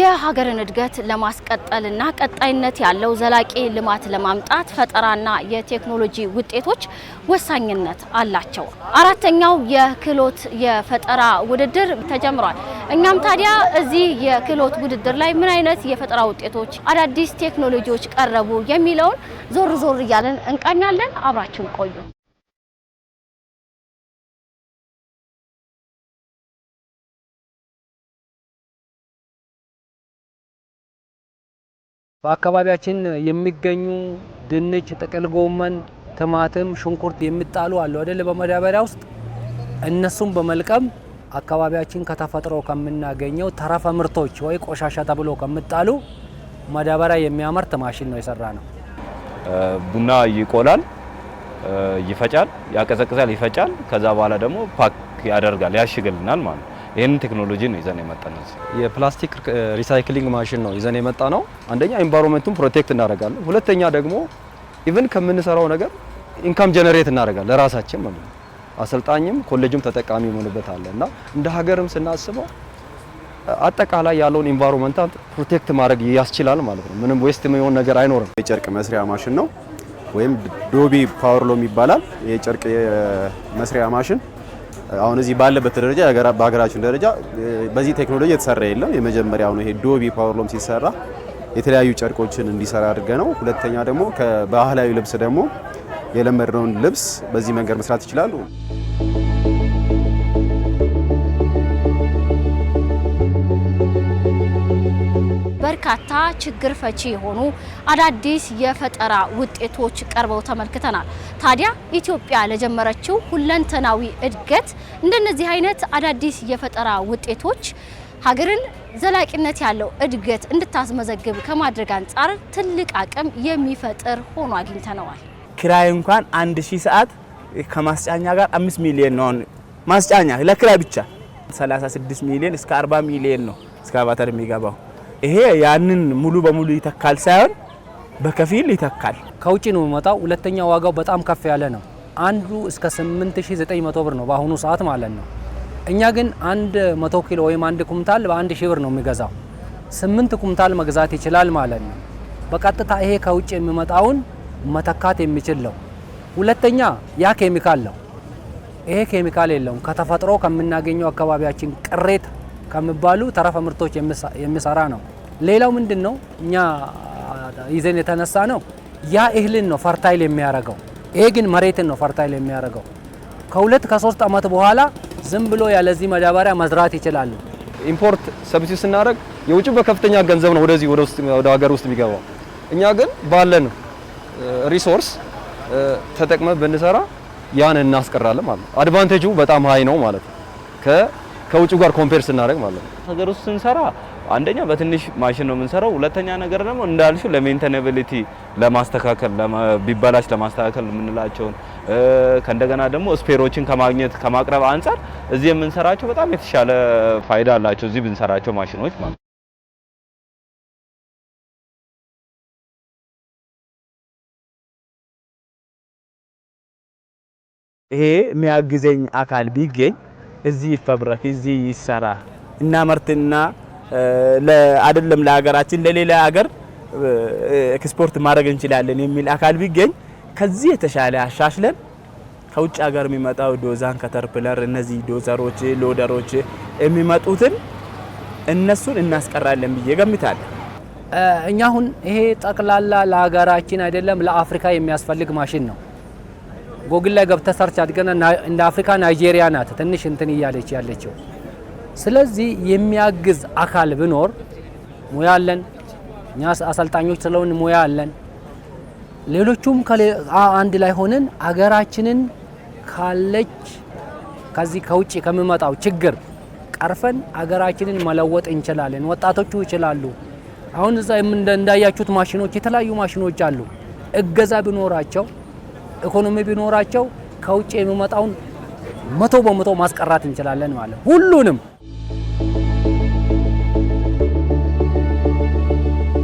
የሀገርን እድገት ለማስቀጠልና ቀጣይነት ያለው ዘላቂ ልማት ለማምጣት ፈጠራና የቴክኖሎጂ ውጤቶች ወሳኝነት አላቸው። አራተኛው የክህሎት የፈጠራ ውድድር ተጀምሯል። እኛም ታዲያ እዚህ የክህሎት ውድድር ላይ ምን አይነት የፈጠራ ውጤቶች፣ አዳዲስ ቴክኖሎጂዎች ቀረቡ የሚለውን ዞር ዞር እያለን እንቃኛለን። አብራችን ቆዩ። በአካባቢያችን የሚገኙ ድንች፣ ጥቅል ጎመን፣ ቲማቲም፣ ሽንኩርት የሚጣሉ አሉ አይደለ? በመዳበሪያ ውስጥ እነሱም በመልቀም አካባቢያችን ከተፈጥሮ ከምናገኘው ተረፈ ምርቶች ወይ ቆሻሻ ተብሎ ከሚጣሉ ማዳበሪያ የሚያመርት ማሽን ነው የሰራ ነው። ቡና ይቆላል፣ ይፈጫል፣ ያቀዘቅዛል፣ ይፈጫል። ከዛ በኋላ ደግሞ ፓክ ያደርጋል፣ ያሽግልናል ማለት ነው። ይህንን ቴክኖሎጂ ነው ይዘን የመጣ ነው። የፕላስቲክ ሪሳይክሊንግ ማሽን ነው ይዘን የመጣ ነው። አንደኛ ኤንቫይሮንመንቱን ፕሮቴክት እናደርጋለን፣ ሁለተኛ ደግሞ ኢቨን ከምንሰራው ነገር ኢንካም ጀነሬት እናደርጋለን ለራሳችን ማለት ነው። አሰልጣኝም ኮሌጅም ተጠቃሚ የሆንበት አለ እና እንደ ሀገርም ስናስበው አጠቃላይ ያለውን ኢንቫይሮንመንት ፕሮቴክት ማድረግ ያስችላል ማለት ነው። ምንም ዌስት የሚሆን ነገር አይኖርም። የጨርቅ መስሪያ ማሽን ነው ወይም ዶቢ ፓወርሎም ይባላል። የጨርቅ መስሪያ ማሽን አሁን እዚህ ባለበት ደረጃ በሀገራችን ደረጃ በዚህ ቴክኖሎጂ የተሰራ የለም። የመጀመሪያው ነው ይሄ ዶቢ ፓወርሎም ሲሰራ የተለያዩ ጨርቆችን እንዲሰራ አድርገ ነው። ሁለተኛ ደግሞ ከባህላዊ ልብስ ደግሞ የለመድነውን ልብስ በዚህ መንገድ መስራት ይችላሉ። በርካታ ችግር ፈቺ የሆኑ አዳዲስ የፈጠራ ውጤቶች ቀርበው ተመልክተናል። ታዲያ ኢትዮጵያ ለጀመረችው ሁለንተናዊ እድገት እንደነዚህ አይነት አዳዲስ የፈጠራ ውጤቶች ሀገርን ዘላቂነት ያለው እድገት እንድታስመዘግብ ከማድረግ አንጻር ትልቅ አቅም የሚፈጥር ሆኖ አግኝተነዋል። ክራይ እንኳን አንድ ሺህ ሰዓት ከማስጫኛ ጋር አምስት ሚሊዮን ነው። ማስጫኛ ለክራይ ብቻ 36 ሚሊዮን እስከ 40 ሚሊዮን ነው እስከ አባተር የሚገባው። ይሄ ያንን ሙሉ በሙሉ ይተካል ሳይሆን በከፊል ይተካል። ከውጭ ነው የሚመጣው። ሁለተኛ ዋጋው በጣም ከፍ ያለ ነው። አንዱ እስከ 8900 ብር ነው በአሁኑ ሰዓት ማለት ነው። እኛ ግን አንድ 100 ኪሎ ወይም አንድ ኩምታል በአንድ ሺህ ብር ነው የሚገዛው። ስምንት ኩምታል መግዛት ይችላል ማለት ነው። በቀጥታ ይሄ ከውጭ የሚመጣውን መተካት የሚችል ነው። ሁለተኛ ያ ኬሚካል ነው። ይሄ ኬሚካል የለውም። ከተፈጥሮ ከምናገኘው አካባቢያችን ቅሬታ ከሚባሉ ተረፈ ምርቶች የሚሰራ ነው። ሌላው ምንድን ነው እኛ ይዘን የተነሳ ነው ያ እህልን ነው ፈርታይል የሚያደርገው። ይሄ ግን መሬትን ነው ፈርታይል የሚያደርገው። ከሁለት ከሶስት ዓመት በኋላ ዝም ብሎ ያለዚህ መዳበሪያ መዝራት ይችላሉ። ኢምፖርት ሰብሲዲ ስናደርግ የውጭ በከፍተኛ ገንዘብ ነው ወደዚህ ወደ ሀገር ውስጥ የሚገባው። እኛ ግን ባለን ሪሶርስ ተጠቅመን ብንሰራ ያን እናስቀራለን ማለት ነው። አድቫንቴጁ በጣም ሀይ ነው ማለት ነው። ከውጭ ጋር ኮምፔር ስናደርግ ማለት ነው። ሀገር ውስጥ ስንሰራ አንደኛ በትንሽ ማሽን ነው የምንሰራው። ሁለተኛ ነገር ደግሞ እንዳልሹ ለሜንቴናቢሊቲ ለማስተካከል ቢበላሽ ለማስተካከል የምንላቸውን ከእንደገና ደግሞ ስፔሮችን ከማግኘት ከማቅረብ አንጻር እዚህ የምንሰራቸው በጣም የተሻለ ፋይዳ አላቸው እዚህ ብንሰራቸው ማሽኖች ማለት ነው። ይሄ የሚያግዘኝ አካል ቢገኝ እዚህ ይፈብረክ፣ እዚህ ይሰራ እና አይደለም ለሀገራችን ለሌላ ሀገር ኤክስፖርት ማድረግ እንችላለን የሚል አካል ቢገኝ ከዚህ የተሻለ አሻሽለን ከውጭ ሀገር የሚመጣው ዶዛን ከተርፕለር እነዚህ ዶዘሮች ሎደሮች የሚመጡትን እነሱን እናስቀራለን ብዬ ገምታለሁ። እኛ አሁን ይሄ ጠቅላላ ለሀገራችን አይደለም ለአፍሪካ የሚያስፈልግ ማሽን ነው። ጎግል ላይ ገብተ ሰርች አድገና እንደ አፍሪካ ናይጄሪያ ናት ትንሽ እንትን እያለች ያለችው። ስለዚህ የሚያግዝ አካል ብኖር ሙያ አለን እኛ አሰልጣኞች ስለሆን ሙያ አለን። ሌሎቹም አንድ ላይ ሆነን አገራችንን ካለች ከዚህ ከውጭ ከሚመጣው ችግር ቀርፈን አገራችንን መለወጥ እንችላለን። ወጣቶቹ ይችላሉ። አሁን እዛ እንዳያችሁት ማሽኖች የተለያዩ ማሽኖች አሉ። እገዛ ቢኖራቸው ኢኮኖሚ ቢኖራቸው ከውጭ የሚመጣውን መቶ በመቶ ማስቀራት እንችላለን ማለት ሁሉንም